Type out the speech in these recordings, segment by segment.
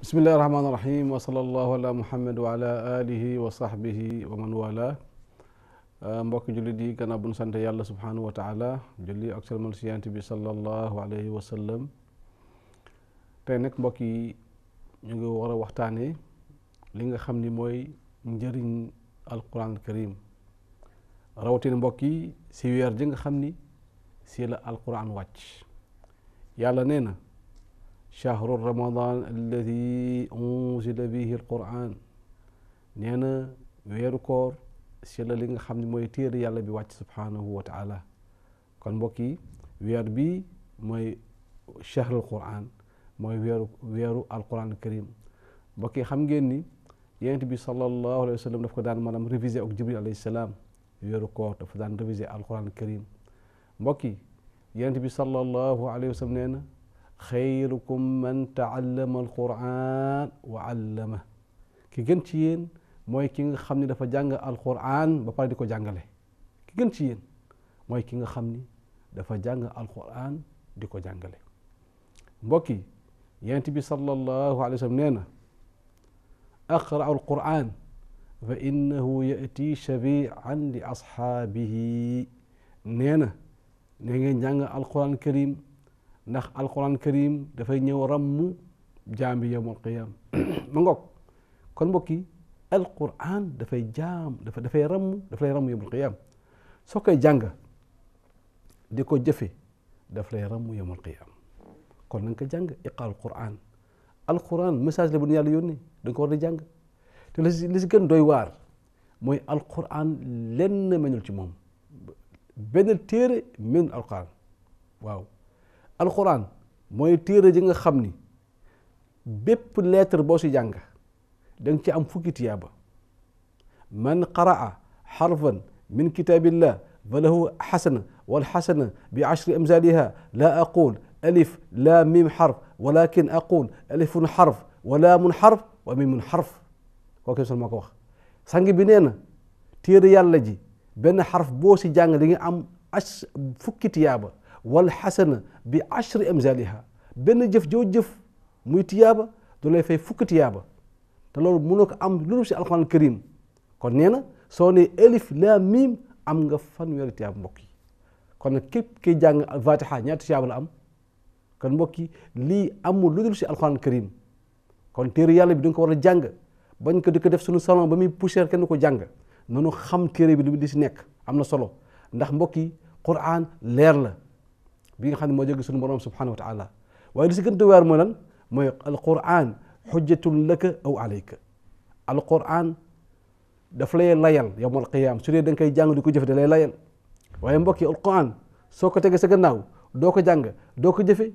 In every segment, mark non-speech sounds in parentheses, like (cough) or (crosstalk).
bismillahi rahmaani rahim wa sallallahu ala muhammad wa ala alihi wa sahbihi wa man wala uh, mbokk jullit yi bu ñu sant yàlla subhanahu wa taala julli ak salmal si yant bi sallallahu alayhi wa sallam nag mbokk yi ñu ngi war a waxtaane li nga xam ni mooy njëriñ alquran karim rawatina mbokk yi si weer ji nga xam ni si la alquran wàcc yàlla nee na chahru ramadan alladi unzila bihi alquran nee na weeru koor si la li nga xam ne mooy téere yàlla bi wàcc subhaanahu wa taala kon mbokk yi weer bi mooy chahr alquran mooy weeru weeru alquran karim mbokk yi xam ngeen ni bi sallallahu alayhi wa sallam daf ko daan maanaam révisé ak jibril alayhi salaam weeru koor daan révisé alquran karim mbokk yi yonent bi sallallahu alayhi wa sallam nee na xayrukum man taallama alquran wa allama ki gën ci mooy ki nga xam ni dafa jàng alquran di ko jàngale ki gën ci yéen mooy ki nga xam ni dafa jàng alquran di ko jàngale mbokki yi yonent bi sallallahu alayhi wa sallam nee na aqra'u fa innahu yati shafian li ashaabihi nee na ne ngeen jàng alquran karim ndax alquran karim dafay ñëw rammu jaam bi yowmal qiyam (coughs) ma kon mbokk yi alquran dafay jaam dafa dafay rammu daf lay rammu yowmal soo koy jàng di ko jëfe daf lay rammu yowmal qiyam kon na nga ko jàng iqa alquran alquran message la bu ñu yàlla yónnee da nga ko war di jàng te li si li si doy waar mooy alquran lenn meñul ci moom benn téere meñul alquran alxuraan mooy téere ji nga xam ni bépp lettre boo si jàng da ci am fukki tiyaaba man qaraa xarfan min kitaabillah fa lahu xasana walxasana bi ashri amsaliha laa aqul alif laa mim xarf walakin aqul alifun xarf wa laamun xarf wa mimun xarf kooku sul moo ko wax sang bi nee na téere yàlla ji benn xarf boo si jàng da am as fukki tiyaaba wal xasana bi ashri amsaliha benn jëf joo jëf muy tiyaaba du lay fay fukki tiyaaba te loolu mënoo ko am lu dul si alxuraan karim kon nee na soo nee elif laam am nga fanweeri tiyaaba mbokk yi kon nag képp kiy jàng fatiha ñaata tiyaaba la am kon mbokk yi lii amul lu dul si alxuraan karim kon téere yàlla bi du ko war a jàng bañ ko di ko def sunu salon ba muy poussière kenn ko jàng nanu xam téere bi lu di si nekk am na solo ndax mbokk yi quraan leer la bi nga xam ne moo jóge suñu borom subhanahu wa taala waaye li si gën a waar mooy lan mooy alquran xujjatun laka aw alayka alquran daf lay layal yowmal qiyaam su dee da nga koy jàng ko jëfe da lay layal waaye mbokk yi alquran soo ko tegee sa gannaaw doo ko jàng doo ko jëfe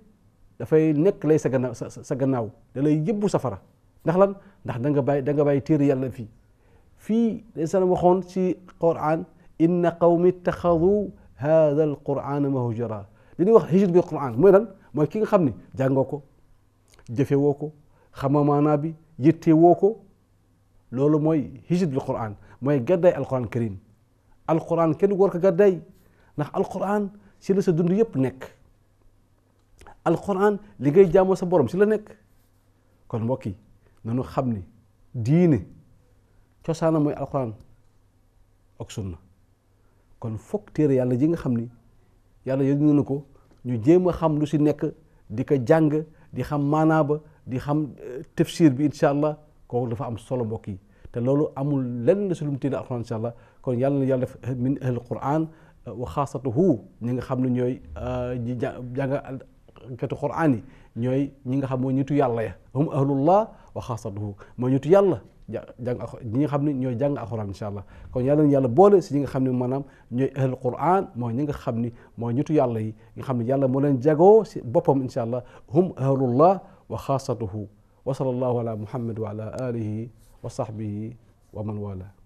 dafay nekk lay sa gannaaw sa gannaaw da lay yëbbu safara ndax lan ndax da nga bàyyi da nga bàyyi téere yàlla fii fii insan waxoon ci quran inna qawmi ittaxadu hada alquran mahjura li wax hijr bi quran mooy lan mooy ki nga xam ne jàngoo ko jëfe woo ko xamamaanaa bi yitte ko loolu mooy hijr bi quran mooy gaddaay alquran karim alquran kenn war ko gaddaay ndax alquran si la sa dund yëpp nekk alquran li ngay jaamoo sa borom si la nekk kon mbokk nanu xam ni diine cosaana mooy alquran ak na kon foog téere yàlla ji nga xam ni yàlla yëngu na ko ñu jéem a xam lu si nekk di ko jàng di xam maanaa ba di xam euh, tafsir bi incha allah kooku dafa am solo mbokk yi te loolu amul lenn si lu mu téye alxuraan incha allah kon yàlla na yàlla def euh, min ahl quran euh, wa xaasatuhu ñi nga xam ne ñooy ñi jàng katu quran ñooy ñi nga xam mooy nitu yàlla ya hum ahlullah wa xaasatuhu mooy nitu yàlla jàng ñi nga xam ne ñooy jàng alxuraan incha allah ko yàlla na yàlla boole si ñi nga xam ne maanaam ñooy ahlul quran mooy ñi nga xam ni mooy ñitu yàlla yi nga xam ne yàlla moo leen jagoo si boppam incha allah hum ahlullah wa xaasatuhu wa sallallahu ala muhammad wa ala alihi wa sahbihi wa man wala